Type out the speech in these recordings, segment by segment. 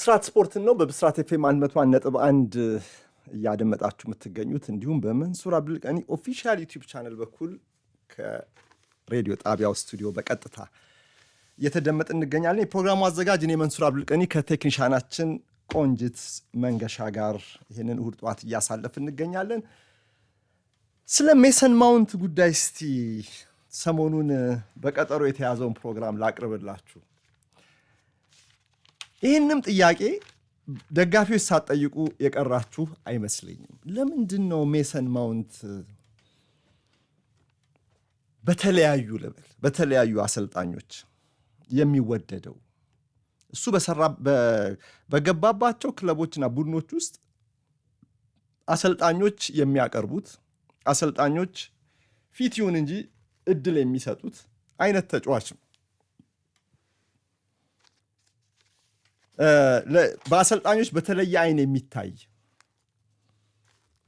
ብስራት ስፖርትን ነው በብስራት ኤፍኤም አንድ እያደመጣችሁ የምትገኙት እንዲሁም በመንሱር አብዱልቀኒ ኦፊሻል ዩቲዩብ ቻነል በኩል ከሬዲዮ ጣቢያው ስቱዲዮ በቀጥታ እየተደመጥ እንገኛለን። የፕሮግራሙ አዘጋጅ እኔ መንሱር አብዱልቀኒ ከቴክኒሻናችን ቆንጅት መንገሻ ጋር ይህንን እሁድ ጠዋት እያሳለፍ እንገኛለን። ስለ ሜሰን ማውንት ጉዳይ ስቲ ሰሞኑን በቀጠሮ የተያዘውን ፕሮግራም ላቅርብላችሁ። ይህንም ጥያቄ ደጋፊዎች ሳትጠይቁ የቀራችሁ አይመስለኝም። ለምንድን ነው ሜሰን ማውንት በተለያዩ ልበል በተለያዩ አሰልጣኞች የሚወደደው? እሱ በገባባቸው ክለቦችና ቡድኖች ውስጥ አሰልጣኞች የሚያቀርቡት አሰልጣኞች ፊት ይሁን እንጂ እድል የሚሰጡት አይነት ተጫዋች ነው። በአሰልጣኞች በተለየ አይን የሚታይ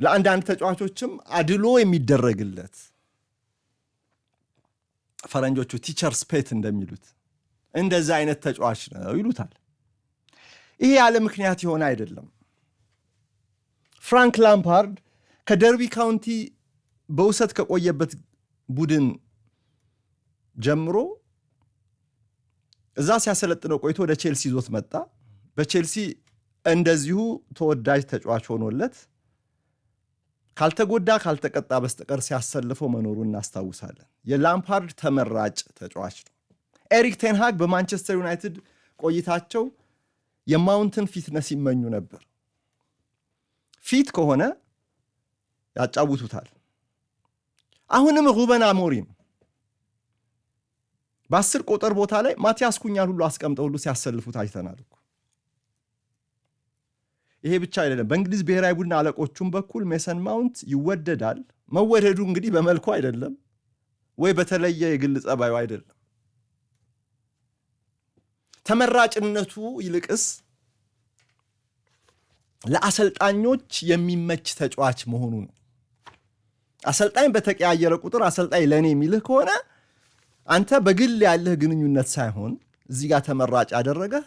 ለአንዳንድ ተጫዋቾችም አድሎ የሚደረግለት ፈረንጆቹ ቲቸር ስፔት እንደሚሉት እንደዚህ አይነት ተጫዋች ነው ይሉታል። ይሄ ያለ ምክንያት የሆነ አይደለም። ፍራንክ ላምፓርድ ከደርቢ ካውንቲ በውሰት ከቆየበት ቡድን ጀምሮ እዛ ሲያሰለጥነው ቆይቶ ወደ ቼልሲ ይዞት መጣ። በቼልሲ እንደዚሁ ተወዳጅ ተጫዋች ሆኖለት ካልተጎዳ ካልተቀጣ በስተቀር ሲያሰልፈው መኖሩን እናስታውሳለን። የላምፓርድ ተመራጭ ተጫዋች ነው። ኤሪክ ቴንሃግ በማንቸስተር ዩናይትድ ቆይታቸው የማውንትን ፊትነስ ይመኙ ነበር። ፊት ከሆነ ያጫውቱታል። አሁንም ሩበን አሞሪም በአስር ቁጥር ቦታ ላይ ማቲያስ ኩኛን ሁሉ አስቀምጠው ሁሉ ሲያሰልፉት አይተናል እኮ ይሄ ብቻ አይደለም። በእንግሊዝ ብሔራዊ ቡድን አለቆቹም በኩል ሜሰን ማውንት ይወደዳል። መወደዱ እንግዲህ በመልኩ አይደለም ወይ በተለየ የግል ጸባዩ አይደለም። ተመራጭነቱ ይልቅስ ለአሰልጣኞች የሚመች ተጫዋች መሆኑ ነው። አሰልጣኝ በተቀያየረ ቁጥር አሰልጣኝ ለእኔ የሚልህ ከሆነ አንተ በግል ያለህ ግንኙነት ሳይሆን እዚህ ጋር ተመራጭ ያደረገህ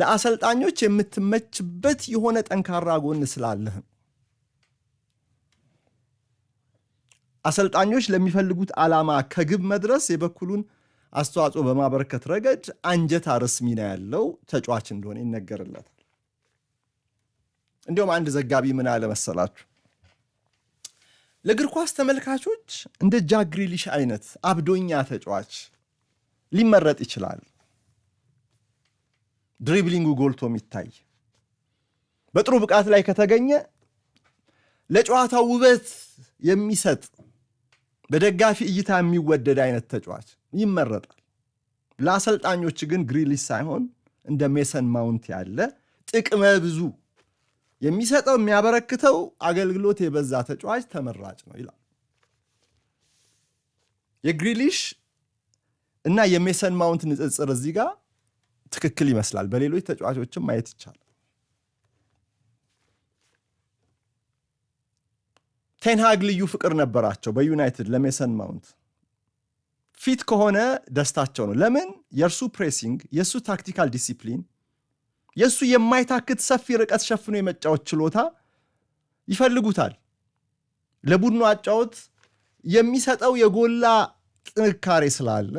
ለአሰልጣኞች የምትመችበት የሆነ ጠንካራ ጎን ስላለህ ነው። አሰልጣኞች ለሚፈልጉት ዓላማ ከግብ መድረስ የበኩሉን አስተዋጽኦ በማበረከት ረገድ አንጀት አርስ ሚና ያለው ተጫዋች እንደሆነ ይነገርለታል። እንዲሁም አንድ ዘጋቢ ምን አለ መሰላችሁ? ለእግር ኳስ ተመልካቾች እንደ ጃግሪሊሽ አይነት አብዶኛ ተጫዋች ሊመረጥ ይችላል። ድሪብሊንጉ ጎልቶ የሚታይ በጥሩ ብቃት ላይ ከተገኘ ለጨዋታው ውበት የሚሰጥ በደጋፊ እይታ የሚወደድ አይነት ተጫዋች ይመረጣል። ለአሰልጣኞች ግን ግሪሊሽ ሳይሆን እንደ ሜሰን ማውንት ያለ ጥቅመ ብዙ የሚሰጠው የሚያበረክተው አገልግሎት የበዛ ተጫዋች ተመራጭ ነው ይላል። የግሪሊሽ እና የሜሰን ማውንት ንጽጽር እዚህ ጋር ትክክል ይመስላል። በሌሎች ተጫዋቾችም ማየት ይቻላል። ቴንሃግ ልዩ ፍቅር ነበራቸው በዩናይትድ ለሜሰን ማውንት ፊት ከሆነ ደስታቸው ነው። ለምን የእርሱ ፕሬሲንግ፣ የእሱ ታክቲካል ዲሲፕሊን፣ የእሱ የማይታክት ሰፊ ርቀት ሸፍኖ የመጫወት ችሎታ ይፈልጉታል። ለቡድኑ አጫወት የሚሰጠው የጎላ ጥንካሬ ስላለ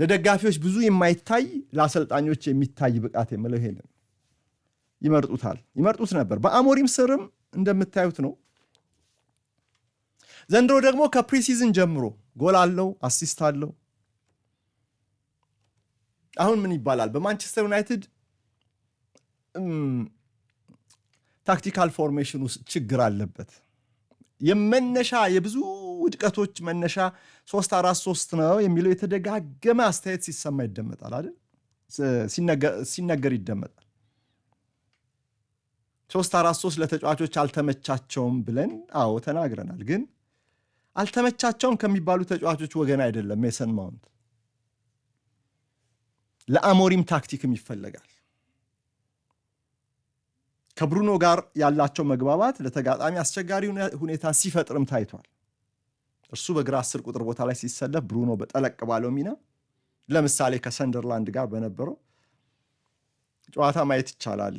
ለደጋፊዎች ብዙ የማይታይ ለአሰልጣኞች የሚታይ ብቃት የምለው ይሄን ይመርጡታል፣ ይመርጡት ነበር። በአሞሪም ስርም እንደምታዩት ነው። ዘንድሮ ደግሞ ከፕሪሲዝን ጀምሮ ጎል አለው፣ አሲስት አለው። አሁን ምን ይባላል? በማንቸስተር ዩናይትድ ታክቲካል ፎርሜሽን ውስጥ ችግር አለበት። የመነሻ የብዙ ውድቀቶች መነሻ ሶስት አራት ሶስት ነው የሚለው የተደጋገመ አስተያየት ሲሰማ ይደመጣል አይደል? ሲነገር ይደመጣል። ሶስት አራት ሶስት ለተጫዋቾች አልተመቻቸውም ብለን አዎ ተናግረናል። ግን አልተመቻቸውም ከሚባሉ ተጫዋቾች ወገን አይደለም ሜሰን ማውንት። ለአሞሪም ታክቲክም ይፈለጋል። ከብሩኖ ጋር ያላቸው መግባባት ለተጋጣሚ አስቸጋሪ ሁኔታ ሲፈጥርም ታይቷል። እርሱ በግራ አስር ቁጥር ቦታ ላይ ሲሰለፍ ብሩኖ በጠለቅ ባለው ሚና ለምሳሌ ከሰንደርላንድ ጋር በነበረው ጨዋታ ማየት ይቻላል።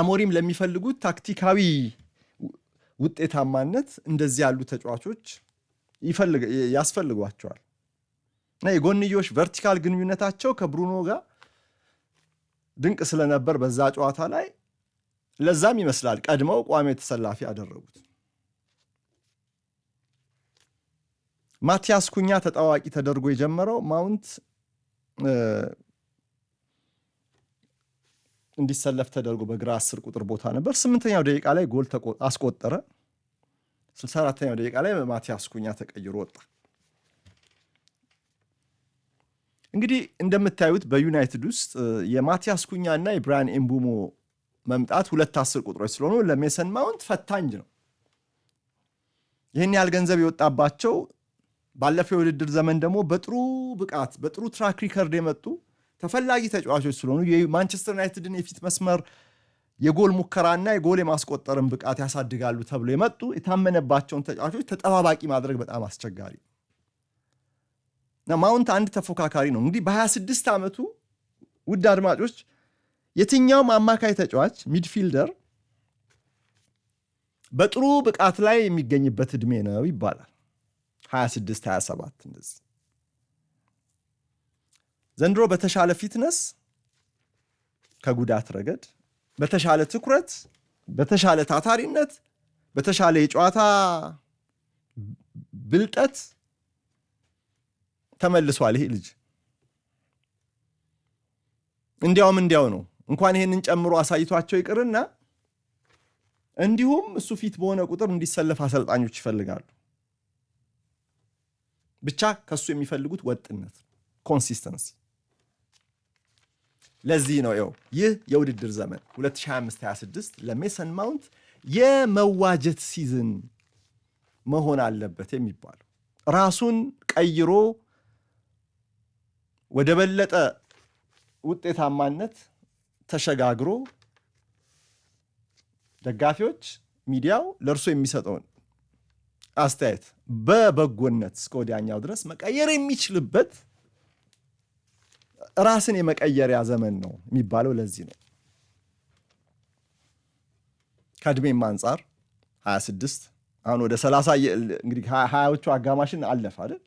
አሞሪም ለሚፈልጉት ታክቲካዊ ውጤታማነት እንደዚህ ያሉ ተጫዋቾች ያስፈልጓቸዋል እና የጎንዮሽ ቨርቲካል ግንኙነታቸው ከብሩኖ ጋር ድንቅ ስለነበር በዛ ጨዋታ ላይ ለዛም ይመስላል ቀድመው ቋሚ ተሰላፊ ያደረጉት። ማቲያስ ኩኛ ተጣዋቂ ተደርጎ የጀመረው ማውንት እንዲሰለፍ ተደርጎ በግራ አስር ቁጥር ቦታ ነበር። ስምንተኛው ደቂቃ ላይ ጎል አስቆጠረ። ስልሳ አራተኛው ደቂቃ ላይ ማቲያስ ኩኛ ተቀይሮ ወጣ። እንግዲህ እንደምታዩት በዩናይትድ ውስጥ የማቲያስ ኩኛ እና የብራያን ኤምቡሞ መምጣት ሁለት አስር ቁጥሮች ስለሆኑ ለሜሰን ማውንት ፈታኝ ነው። ይህን ያህል ገንዘብ የወጣባቸው ባለፈው የውድድር ዘመን ደግሞ በጥሩ ብቃት በጥሩ ትራክ ሪከርድ የመጡ ተፈላጊ ተጫዋቾች ስለሆኑ የማንቸስተር ዩናይትድን የፊት መስመር የጎል ሙከራና የጎል የማስቆጠርን ብቃት ያሳድጋሉ ተብሎ የመጡ የታመነባቸውን ተጫዋቾች ተጠባባቂ ማድረግ በጣም አስቸጋሪ ማውንት አንድ ተፎካካሪ ነው። እንግዲህ በ26 ዓመቱ ውድ አድማጮች፣ የትኛውም አማካይ ተጫዋች ሚድፊልደር በጥሩ ብቃት ላይ የሚገኝበት እድሜ ነው ይባላል። 26 27 እንደዚህ ዘንድሮ በተሻለ ፊትነስ ከጉዳት ረገድ በተሻለ ትኩረት በተሻለ ታታሪነት በተሻለ የጨዋታ ብልጠት ተመልሷል። ይሄ ልጅ እንዲያውም እንዲያው ነው እንኳን ይሄንን ጨምሮ አሳይቷቸው ይቅርና እንዲሁም እሱ ፊት በሆነ ቁጥር እንዲሰለፍ አሰልጣኞች ይፈልጋሉ። ብቻ ከሱ የሚፈልጉት ወጥነት፣ ኮንሲስተንሲ። ለዚህ ነው ው ይህ የውድድር ዘመን 2526 ለሜሰን ማውንት የመዋጀት ሲዝን መሆን አለበት የሚባለው ራሱን ቀይሮ ወደ በለጠ ውጤታማነት ተሸጋግሮ ደጋፊዎች፣ ሚዲያው ለእርሶ የሚሰጠውን አስተያየት በበጎነት እስከ ወዲያኛው ድረስ መቀየር የሚችልበት ራስን የመቀየሪያ ዘመን ነው የሚባለው ለዚህ ነው። ከእድሜም አንጻር 26 አሁን ወደ 30 እንግዲህ ሀያዎቹ አጋማሽን አለፍ አይደል?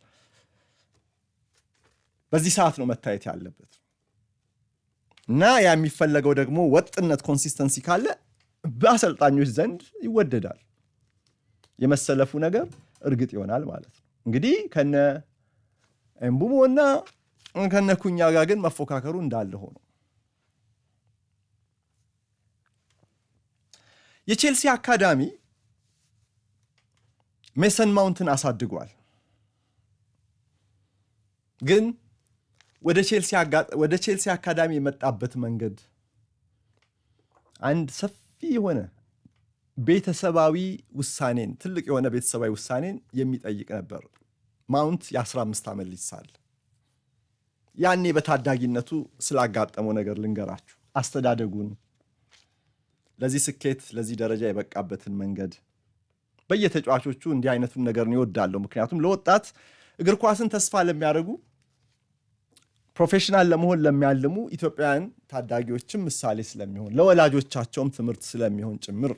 በዚህ ሰዓት ነው መታየት ያለበት እና ያ የሚፈለገው ደግሞ ወጥነት ኮንሲስተንሲ ካለ በአሰልጣኞች ዘንድ ይወደዳል። የመሰለፉ ነገር እርግጥ ይሆናል ማለት ነው። እንግዲህ ከነ ኤምቡሞና ከነ ኩኛ ጋር ግን መፎካከሩ እንዳለ ሆኖ የቼልሲ አካዳሚ ሜሰን ማውንትን አሳድጓል። ግን ወደ ቼልሲ አካዳሚ የመጣበት መንገድ አንድ ሰፊ የሆነ ቤተሰባዊ ውሳኔን ትልቅ የሆነ ቤተሰባዊ ውሳኔን የሚጠይቅ ነበር። ማውንት የ15 ዓመት ልጅ ሳለ ያኔ በታዳጊነቱ ስላጋጠመው ነገር ልንገራችሁ። አስተዳደጉን፣ ለዚህ ስኬት ለዚህ ደረጃ የበቃበትን መንገድ በየተጫዋቾቹ እንዲህ አይነቱን ነገር ይወዳለሁ። ምክንያቱም ለወጣት እግር ኳስን ተስፋ ለሚያደርጉ ፕሮፌሽናል ለመሆን ለሚያልሙ ኢትዮጵያውያን ታዳጊዎችም ምሳሌ ስለሚሆን ለወላጆቻቸውም ትምህርት ስለሚሆን ጭምር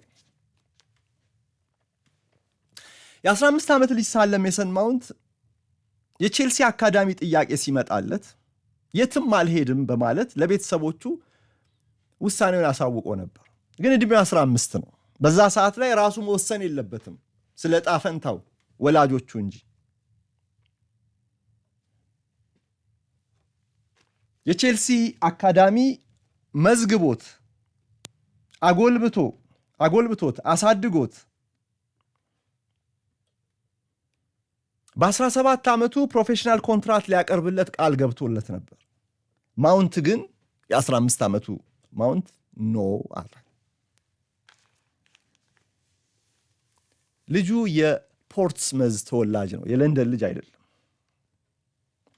የ15 ዓመት ልጅ ሳለም ሜሰን ማውንት የቼልሲ አካዳሚ ጥያቄ ሲመጣለት የትም አልሄድም በማለት ለቤተሰቦቹ ውሳኔውን አሳውቆ ነበር። ግን ዕድሜው 15 ነው። በዛ ሰዓት ላይ ራሱ መወሰን የለበትም ስለ ጣፈንታው ወላጆቹ እንጂ። የቼልሲ አካዳሚ መዝግቦት አጎልብቶ አጎልብቶት አሳድጎት በ17 ዓመቱ ፕሮፌሽናል ኮንትራት ሊያቀርብለት ቃል ገብቶለት ነበር። ማውንት ግን የ15 ዓመቱ ማውንት ኖ አለ። ልጁ የፖርትስመዝ ተወላጅ ነው፣ የለንደን ልጅ አይደለም።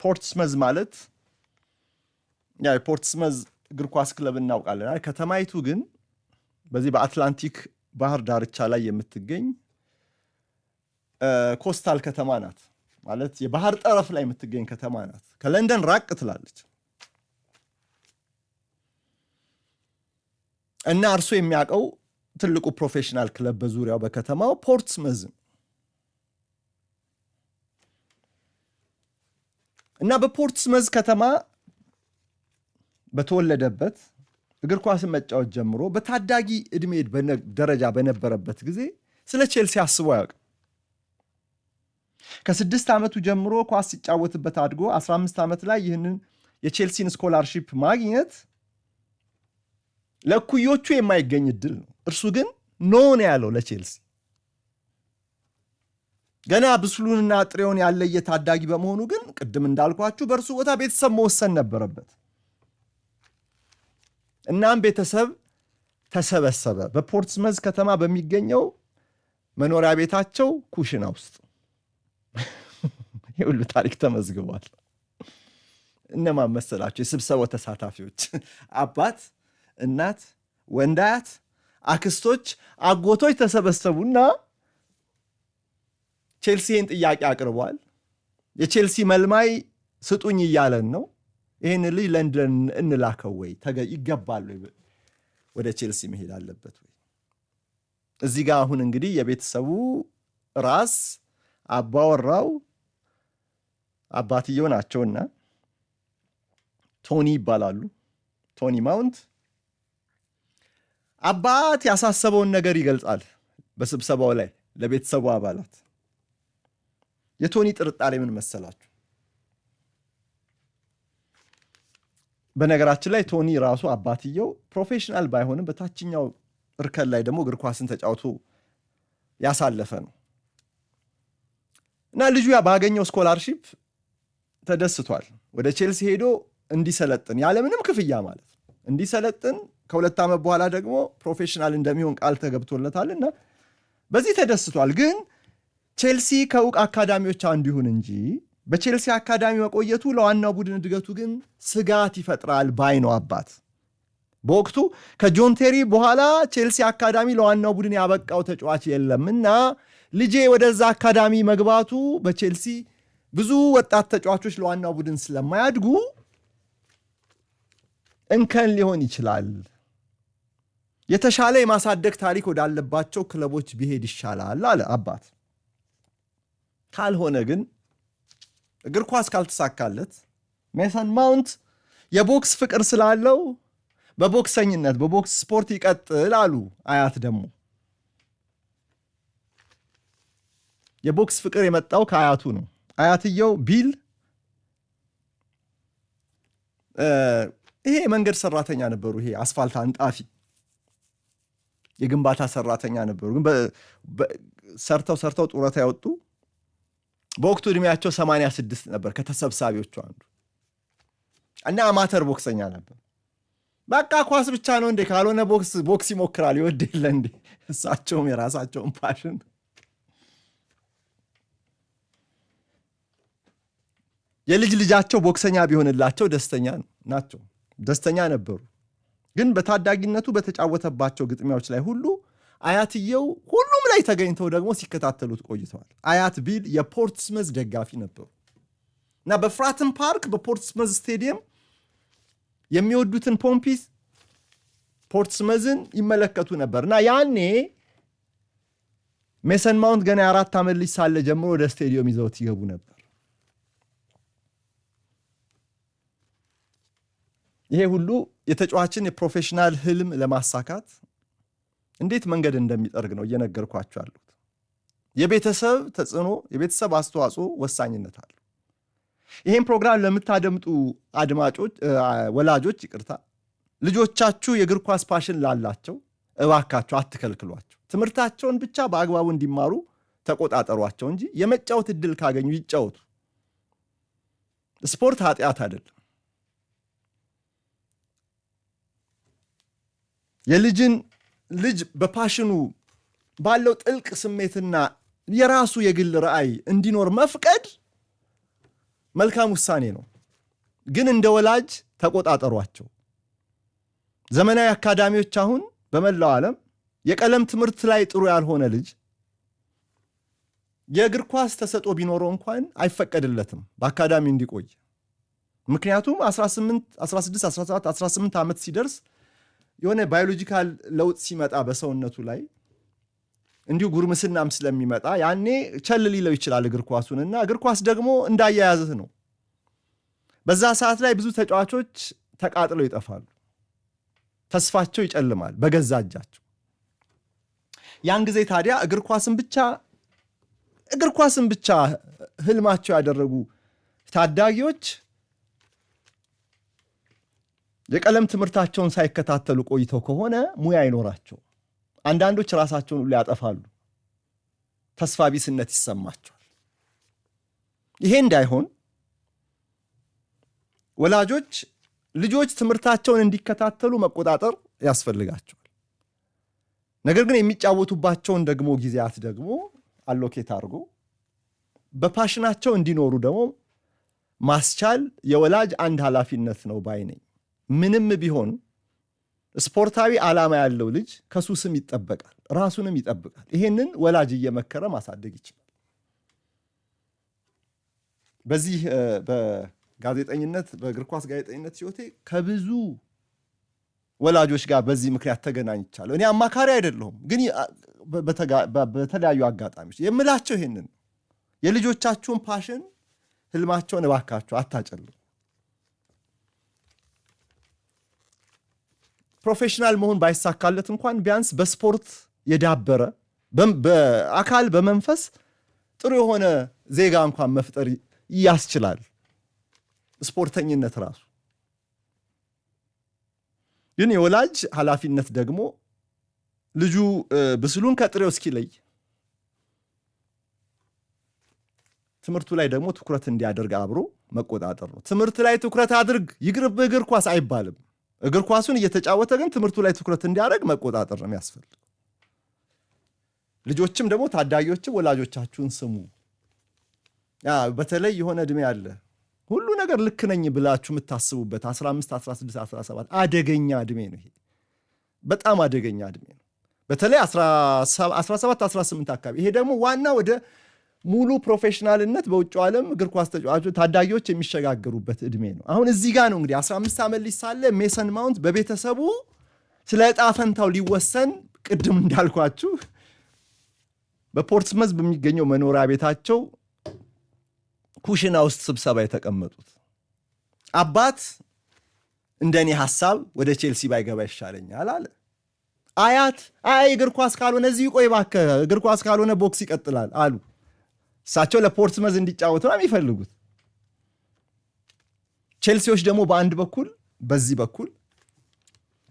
ፖርትስመዝ ማለት ያ የፖርትስመዝ እግር ኳስ ክለብ እናውቃለን። ከተማይቱ ግን በዚህ በአትላንቲክ ባህር ዳርቻ ላይ የምትገኝ ኮስታል ከተማ ናት። ማለት የባህር ጠረፍ ላይ የምትገኝ ከተማ ናት። ከለንደን ራቅ ትላለች እና እርሱ የሚያውቀው ትልቁ ፕሮፌሽናል ክለብ በዙሪያው በከተማው ፖርትስመዝ እና በፖርትስመዝ ከተማ በተወለደበት እግር ኳስን መጫወት ጀምሮ በታዳጊ እድሜ ደረጃ በነበረበት ጊዜ ስለ ቼልሲ አስቦ አያውቅም። ከስድስት ዓመቱ ጀምሮ ኳስ ሲጫወትበት አድጎ 15 ዓመት ላይ ይህንን የቼልሲን ስኮላርሺፕ ማግኘት ለእኩዮቹ የማይገኝ እድል ነው። እርሱ ግን ኖን ያለው ለቼልሲ። ገና ብስሉንና ጥሬውን ያለየ ታዳጊ በመሆኑ ግን ቅድም እንዳልኳችሁ በእርሱ ቦታ ቤተሰብ መወሰን ነበረበት። እናም ቤተሰብ ተሰበሰበ በፖርትስመዝ ከተማ በሚገኘው መኖሪያ ቤታቸው ኩሽና ውስጥ ይህ ሁሉ ታሪክ ተመዝግቧል። እነማን መሰላቸው? የስብሰባው ተሳታፊዎች አባት፣ እናት፣ ወንዳያት፣ አክስቶች፣ አጎቶች ተሰበሰቡና ቼልሲን ጥያቄ አቅርቧል። የቼልሲ መልማይ ስጡኝ እያለን ነው። ይህን ልጅ ለንደን እንላከው ወይ ይገባል ወይ? ወደ ቼልሲ መሄድ አለበት ወይ? እዚህ ጋር አሁን እንግዲህ የቤተሰቡ ራስ አባወራው አባትየው ናቸውና ቶኒ ይባላሉ። ቶኒ ማውንት አባት ያሳሰበውን ነገር ይገልጻል። በስብሰባው ላይ ለቤተሰቡ አባላት የቶኒ ጥርጣሬ ምን መሰላችሁ? በነገራችን ላይ ቶኒ ራሱ አባትየው ፕሮፌሽናል ባይሆንም በታችኛው እርከን ላይ ደግሞ እግር ኳስን ተጫውቶ ያሳለፈ ነው። እና ልጁ ያ ባገኘው ስኮላርሺፕ ተደስቷል። ወደ ቼልሲ ሄዶ እንዲሰለጥን ያለምንም ክፍያ ማለት እንዲሰለጥን ከሁለት ዓመት በኋላ ደግሞ ፕሮፌሽናል እንደሚሆን ቃል ተገብቶለታል እና በዚህ ተደስቷል። ግን ቼልሲ ከውቅ አካዳሚዎች አንዱ ይሁን እንጂ በቼልሲ አካዳሚ መቆየቱ ለዋናው ቡድን እድገቱ ግን ስጋት ይፈጥራል ባይ ነው አባት። በወቅቱ ከጆን ቴሪ በኋላ ቼልሲ አካዳሚ ለዋናው ቡድን ያበቃው ተጫዋች የለም እና ልጄ ወደዛ አካዳሚ መግባቱ በቼልሲ ብዙ ወጣት ተጫዋቾች ለዋናው ቡድን ስለማያድጉ እንከን ሊሆን ይችላል። የተሻለ የማሳደግ ታሪክ ወዳለባቸው ክለቦች ቢሄድ ይሻላል አለ አባት። ካልሆነ ግን እግር ኳስ ካልተሳካለት ሜሰን ማውንት የቦክስ ፍቅር ስላለው በቦክሰኝነት በቦክስ ስፖርት ይቀጥል አሉ አያት ደግሞ የቦክስ ፍቅር የመጣው ከአያቱ ነው። አያትየው ቢል ይሄ የመንገድ ሰራተኛ ነበሩ። ይሄ አስፋልት አንጣፊ የግንባታ ሰራተኛ ነበሩ። ግን ሰርተው ሰርተው ጡረታ ያወጡ በወቅቱ እድሜያቸው ሰማንያ ስድስት ነበር። ከተሰብሳቢዎቹ አንዱ እና አማተር ቦክሰኛ ነበር። በቃ ኳስ ብቻ ነው እንዴ? ካልሆነ ቦክስ ቦክስ ይሞክራል። ይወድ የለ እንዴ? እሳቸውም የራሳቸውን ፓሽን የልጅ ልጃቸው ቦክሰኛ ቢሆንላቸው ደስተኛ ናቸው፣ ደስተኛ ነበሩ። ግን በታዳጊነቱ በተጫወተባቸው ግጥሚያዎች ላይ ሁሉ አያትየው ሁሉም ላይ ተገኝተው ደግሞ ሲከታተሉት ቆይተዋል። አያት ቢል የፖርትስመዝ ደጋፊ ነበሩ እና በፍራትን ፓርክ በፖርትስመዝ ስቴዲየም የሚወዱትን ፖምፒስ ፖርትስመዝን ይመለከቱ ነበር እና ያኔ ሜሰን ማውንት ገና የአራት ዓመት ልጅ ሳለ ጀምሮ ወደ ስቴዲየም ይዘውት ይገቡ ነበር። ይሄ ሁሉ የተጫዋችን የፕሮፌሽናል ህልም ለማሳካት እንዴት መንገድ እንደሚጠርግ ነው እየነገርኳቸው ያሉት። የቤተሰብ ተጽዕኖ፣ የቤተሰብ አስተዋጽኦ ወሳኝነት አለው። ይህም ፕሮግራም ለምታደምጡ አድማጮች፣ ወላጆች ይቅርታ፣ ልጆቻችሁ የእግር ኳስ ፓሽን ላላቸው እባካችሁ አትከልክሏቸው። ትምህርታቸውን ብቻ በአግባቡ እንዲማሩ ተቆጣጠሯቸው እንጂ የመጫወት እድል ካገኙ ይጫወቱ። ስፖርት ኃጢአት አይደለም። የልጅን ልጅ በፓሽኑ ባለው ጥልቅ ስሜትና የራሱ የግል ረአይ እንዲኖር መፍቀድ መልካም ውሳኔ ነው። ግን እንደ ወላጅ ተቆጣጠሯቸው። ዘመናዊ አካዳሚዎች አሁን በመላው ዓለም የቀለም ትምህርት ላይ ጥሩ ያልሆነ ልጅ የእግር ኳስ ተሰጦ ቢኖረው እንኳን አይፈቀድለትም በአካዳሚ እንዲቆይ። ምክንያቱም 16 17 18 ዓመት ሲደርስ የሆነ ባዮሎጂካል ለውጥ ሲመጣ በሰውነቱ ላይ እንዲሁ ጉርምስናም ስለሚመጣ ያኔ ቸል ሊለው ይችላል እግር ኳሱን እና እግር ኳስ ደግሞ እንዳያያዝህ ነው። በዛ ሰዓት ላይ ብዙ ተጫዋቾች ተቃጥለው ይጠፋሉ። ተስፋቸው ይጨልማል በገዛ እጃቸው። ያን ጊዜ ታዲያ እግር ኳስን ብቻ እግር ኳስን ብቻ ህልማቸው ያደረጉ ታዳጊዎች የቀለም ትምህርታቸውን ሳይከታተሉ ቆይተው ከሆነ ሙያ አይኖራቸው። አንዳንዶች ራሳቸውን ሁሉ ያጠፋሉ፣ ተስፋ ቢስነት ይሰማቸዋል። ይሄ እንዳይሆን ወላጆች ልጆች ትምህርታቸውን እንዲከታተሉ መቆጣጠር ያስፈልጋቸዋል። ነገር ግን የሚጫወቱባቸውን ደግሞ ጊዜያት ደግሞ አሎኬት አድርጎ በፓሽናቸው እንዲኖሩ ደግሞ ማስቻል የወላጅ አንድ ኃላፊነት ነው ባይ ነኝ። ምንም ቢሆን ስፖርታዊ ዓላማ ያለው ልጅ ከሱስም ይጠበቃል፣ ራሱንም ይጠብቃል። ይሄንን ወላጅ እየመከረ ማሳደግ ይችላል። በዚህ በጋዜጠኝነት በእግር ኳስ ጋዜጠኝነት ሕይወቴ ከብዙ ወላጆች ጋር በዚህ ምክንያት ተገናኝቻለሁ። እኔ አማካሪ አይደለሁም፣ ግን በተለያዩ አጋጣሚዎች የምላቸው ይሄንን ነው። የልጆቻችሁን ፓሽን፣ ህልማቸውን እባካችሁ አታጨልም። ፕሮፌሽናል መሆን ባይሳካለት እንኳን ቢያንስ በስፖርት የዳበረ በአካል በመንፈስ ጥሩ የሆነ ዜጋ እንኳን መፍጠር ያስችላል። ስፖርተኝነት ራሱ ግን የወላጅ ኃላፊነት ደግሞ ልጁ ብስሉን ከጥሬው እስኪለይ ትምህርቱ ላይ ደግሞ ትኩረት እንዲያደርግ አብሮ መቆጣጠር ነው። ትምህርት ላይ ትኩረት አድርግ፣ ይቅርብህ እግር ኳስ አይባልም። እግር ኳሱን እየተጫወተ ግን ትምህርቱ ላይ ትኩረት እንዲያደርግ መቆጣጠር ነው የሚያስፈልገው። ልጆችም ደግሞ ታዳጊዎችም ወላጆቻችሁን ስሙ። በተለይ የሆነ እድሜ አለ ሁሉ ነገር ልክ ነኝ ብላችሁ የምታስቡበት 15፣ 16፣ 17 አደገኛ እድሜ ነው። ይሄ በጣም አደገኛ እድሜ ነው። በተለይ 17፣ 18 አካባቢ ይሄ ደግሞ ዋና ወደ ሙሉ ፕሮፌሽናልነት በውጭ ዓለም እግር ኳስ ተጫዋቾች ታዳጊዎች የሚሸጋገሩበት እድሜ ነው። አሁን እዚህ ጋር ነው እንግዲህ 15 ዓመት ሊሳለ ሜሰን ማውንት በቤተሰቡ ስለ ዕጣ ፈንታው ሊወሰን ቅድም እንዳልኳችሁ በፖርትስመዝ በሚገኘው መኖሪያ ቤታቸው ኩሽና ውስጥ ስብሰባ የተቀመጡት አባት እንደኔ ሐሳብ ወደ ቼልሲ ባይገባ ይሻለኛል አለ። አያት አይ እግር ኳስ ካልሆነ እዚህ ቆይ እባክህ እግር ኳስ ካልሆነ ቦክስ ይቀጥላል አሉ። እሳቸው ለፖርትስመዝ እንዲጫወቱ ነው የሚፈልጉት። ቼልሲዎች ደግሞ በአንድ በኩል በዚህ በኩል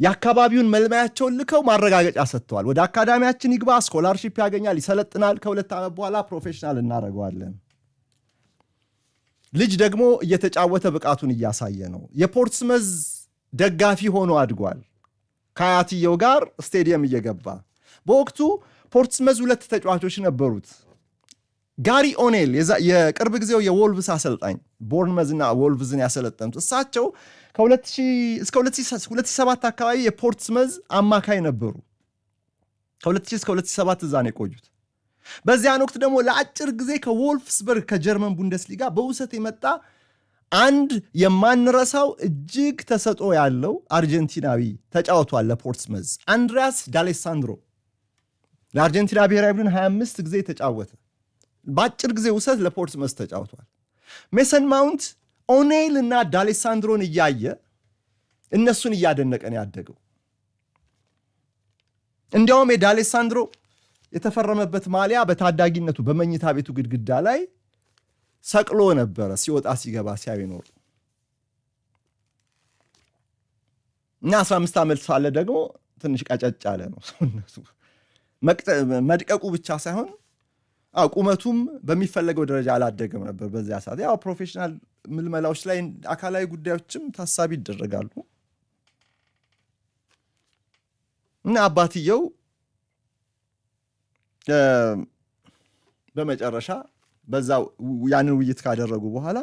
የአካባቢውን መልማያቸውን ልከው ማረጋገጫ ሰጥተዋል። ወደ አካዳሚያችን ይግባ፣ ስኮላርሺፕ ያገኛል፣ ይሰለጥናል፣ ከሁለት ዓመት በኋላ ፕሮፌሽናል እናደርገዋለን። ልጅ ደግሞ እየተጫወተ ብቃቱን እያሳየ ነው። የፖርትስመዝ ደጋፊ ሆኖ አድጓል። ከአያትየው ጋር ስቴዲየም እየገባ በወቅቱ ፖርትስመዝ ሁለት ተጫዋቾች ነበሩት። ጋሪ ኦኔል የቅርብ ጊዜው የወልቭስ አሰልጣኝ ቦርንመዝና ወልቭዝን ያሰለጠኑት እሳቸው እስከ 2007 አካባቢ የፖርትስመዝ አማካይ ነበሩ። ከ2000 እስከ 2007 እዛ ነው የቆዩት። በዚያን ወቅት ደግሞ ለአጭር ጊዜ ከወልፍስበርግ ከጀርመን ቡንደስሊጋ በውሰት የመጣ አንድ የማንረሳው እጅግ ተሰጦ ያለው አርጀንቲናዊ ተጫውቷል ለፖርትስመዝ አንድሪያስ ዳሌሳንድሮ ለአርጀንቲና ብሔራዊ ቡድን 25 ጊዜ ተጫወተ። በአጭር ጊዜ ውሰት ለፖርትመስ ተጫውቷል። ሜሰን ማውንት ኦኔይል እና ዳሌሳንድሮን እያየ እነሱን እያደነቀን ያደገው። እንዲያውም የዳሌሳንድሮ የተፈረመበት ማሊያ በታዳጊነቱ በመኝታ ቤቱ ግድግዳ ላይ ሰቅሎ ነበረ ሲወጣ ሲገባ ሲያዩ ይኖሩ እና 15 ዓመት ሳለ ደግሞ ትንሽ ቀጨጭ ያለ ነው ሰውነቱ። መድቀቁ ብቻ ሳይሆን ቁመቱም በሚፈለገው ደረጃ አላደገም ነበር። በዚያ ሰዓት ያው ፕሮፌሽናል ምልመላዎች ላይ አካላዊ ጉዳዮችም ታሳቢ ይደረጋሉ እና አባትየው በመጨረሻ በዛ ያንን ውይይት ካደረጉ በኋላ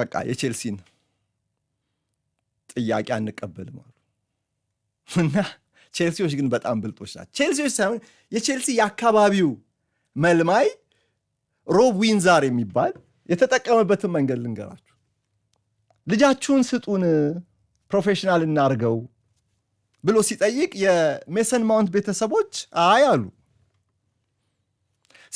በቃ የቼልሲን ጥያቄ አንቀበልም አሉ እና ቼልሲዎች ግን በጣም ብልጦች ናቸው። ቼልሲዎች ሳይሆን የቼልሲ የአካባቢው መልማይ ሮብ ዊንዛር የሚባል የተጠቀመበትን መንገድ ልንገራችሁ። ልጃችሁን ስጡን ፕሮፌሽናል እናርገው ብሎ ሲጠይቅ የሜሰን ማውንት ቤተሰቦች አይ አሉ።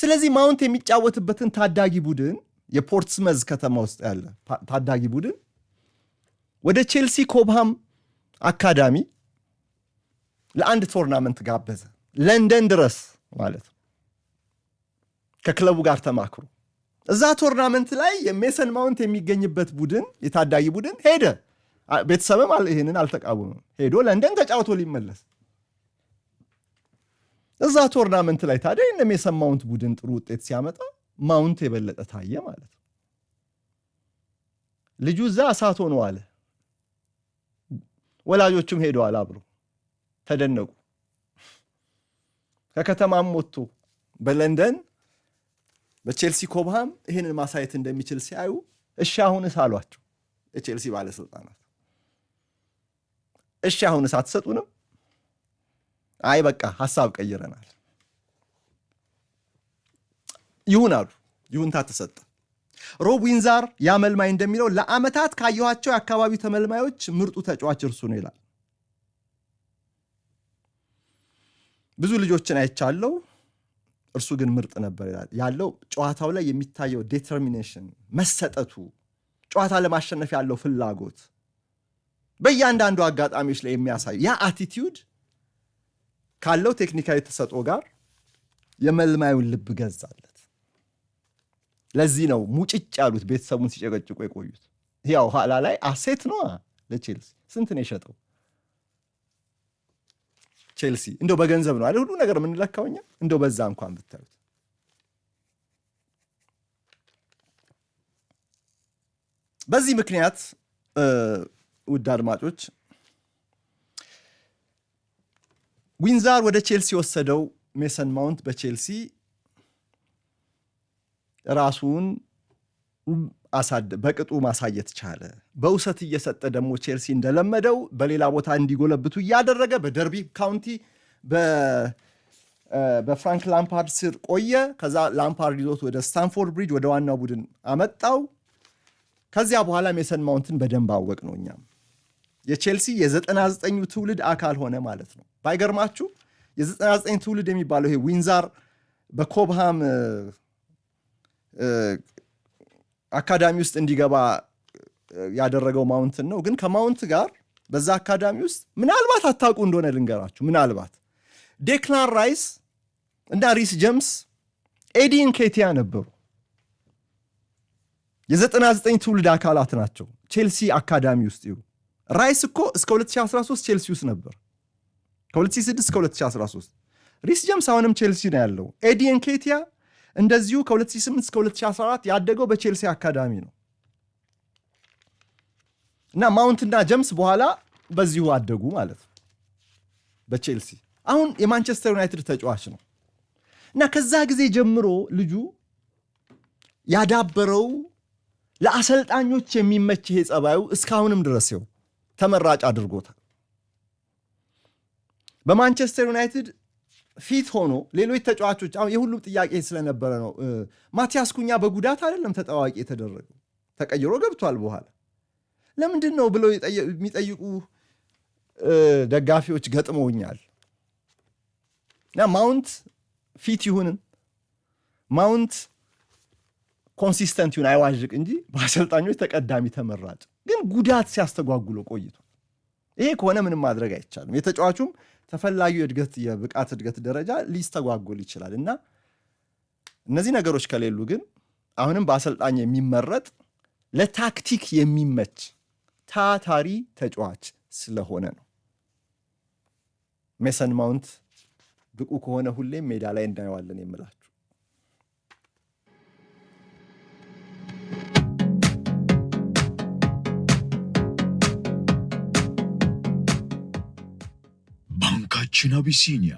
ስለዚህ ማውንት የሚጫወትበትን ታዳጊ ቡድን የፖርትስመዝ ከተማ ውስጥ ያለ ታዳጊ ቡድን ወደ ቼልሲ ኮብሃም አካዳሚ ለአንድ ቶርናመንት ጋበዘ። ለንደን ድረስ ማለት ነው። ከክለቡ ጋር ተማክሮ እዛ ቶርናመንት ላይ የሜሰን ማውንት የሚገኝበት ቡድን የታዳጊ ቡድን ሄደ። ቤተሰብም ይህንን አልተቃወምም። ሄዶ ለንደን ተጫውቶ ሊመለስ እዛ ቶርናመንት ላይ ታዲያ እነ ሜሰን ማውንት ቡድን ጥሩ ውጤት ሲያመጣ ማውንት የበለጠ ታየ ማለት ነው። ልጁ እዛ እሳት ሆኖ አለ። ወላጆቹም ሄደዋል አብሮ ተደነቁ። ከከተማም ወጥቶ በለንደን በቼልሲ ኮብሃም ይህንን ማሳየት እንደሚችል ሲያዩ እሺ አሁንስ አሏቸው የቼልሲ ባለስልጣናት። እሺ አሁንስ አትሰጡንም? አይ በቃ ሀሳብ ቀይረናል። ይሁን አሉ። ይሁንታ ተሰጠ። ሮብ ዊንዛር ያመልማይ እንደሚለው ለአመታት ካየኋቸው የአካባቢው ተመልማዮች ምርጡ ተጫዋች እርሱ ነው ይላል። ብዙ ልጆችን አይቻለው፣ እርሱ ግን ምርጥ ነበር ይላል። ያለው ጨዋታው ላይ የሚታየው ዴተርሚኔሽን፣ መሰጠቱ፣ ጨዋታ ለማሸነፍ ያለው ፍላጎት በእያንዳንዱ አጋጣሚዎች ላይ የሚያሳዩ ያ አቲቲዩድ ካለው ቴክኒካዊ ተሰጦ ጋር የመልማዩን ልብ ገዛለት። ለዚህ ነው ሙጭጭ ያሉት ቤተሰቡን ሲጨቀጭቁ የቆዩት። ያው ኋላ ላይ አሴት ነዋ ለቼልሲ ስንት ነው የሸጠው? ቼልሲ እንደው በገንዘብ ነው አይደል ሁሉ ነገር የምንለካው እኛ እንደው በዛ እንኳን ብታዩት በዚህ ምክንያት ውድ አድማጮች ዊንዛር ወደ ቼልሲ ወሰደው ሜሰን ማውንት በቼልሲ ራሱን በቅጡ ማሳየት ቻለ። በውሰት እየሰጠ ደግሞ ቼልሲ እንደለመደው በሌላ ቦታ እንዲጎለብቱ እያደረገ በደርቢ ካውንቲ በፍራንክ ላምፓርድ ስር ቆየ። ከዛ ላምፓርድ ይዞት ወደ ስታንፎርድ ብሪጅ ወደ ዋናው ቡድን አመጣው። ከዚያ በኋላ ሜሰን ማውንትን በደንብ አወቅ ነው። እኛም የቼልሲ የ 99 ትውልድ አካል ሆነ ማለት ነው። ባይገርማችሁ የ99 ትውልድ የሚባለው ይሄ ዊንዛር በኮብሃም አካዳሚ ውስጥ እንዲገባ ያደረገው ማውንትን ነው። ግን ከማውንት ጋር በዛ አካዳሚ ውስጥ ምናልባት አታውቁ እንደሆነ ልንገራችሁ። ምናልባት ዴክላን ራይስ እና ሪስ ጀምስ ኤዲን ኬቲያ ነበሩ። ዘጠኝ ትውልድ አካላት ናቸው። ቼልሲ አካዳሚ ውስጥ ይሁ ራይስ እኮ እስከ 2013 ቼልሲ ውስጥ ነበር። ከ2006 እስከ 2013 ሪስ ጀምስ አሁንም ቼልሲ ነው ያለው። ኤዲን ኬቲያ እንደዚሁ ከ2008 እስከ 2014 ያደገው በቼልሲ አካዳሚ ነው እና ማውንትና ጀምስ በኋላ በዚሁ አደጉ ማለት ነው በቼልሲ አሁን የማንቸስተር ዩናይትድ ተጫዋች ነው እና ከዛ ጊዜ ጀምሮ ልጁ ያዳበረው ለአሰልጣኞች የሚመች ይሄ ጸባዩ እስካሁንም ድረስ ይኸው ተመራጭ አድርጎታል። በማንቸስተር ዩናይትድ ፊት ሆኖ ሌሎች ተጫዋቾች አሁን የሁሉም ጥያቄ ስለነበረ ነው። ማቲያስ ኩኛ በጉዳት አይደለም ተጠዋቂ የተደረገው ተቀይሮ ገብቷል። በኋላ ለምንድን ነው ብለው የሚጠይቁ ደጋፊዎች ገጥመውኛል። እና ማውንት ፊት ይሁንን ማውንት ኮንሲስተንት ይሁን አይዋዥቅ እንጂ በአሰልጣኞች ተቀዳሚ ተመራጭ ግን ጉዳት ሲያስተጓጉሎ ቆይቷል። ይሄ ከሆነ ምንም ማድረግ አይቻልም። የተጫዋቹም ተፈላጊው እድገት የብቃት እድገት ደረጃ ሊስተጓጎል ይችላል እና እነዚህ ነገሮች ከሌሉ ግን አሁንም በአሰልጣኝ የሚመረጥ ለታክቲክ የሚመች ታታሪ ተጫዋች ስለሆነ ነው። ሜሰን ማውንት ብቁ ከሆነ ሁሌም ሜዳ ላይ እናየዋለን የምላቸው ይህችን አቢሲኒያ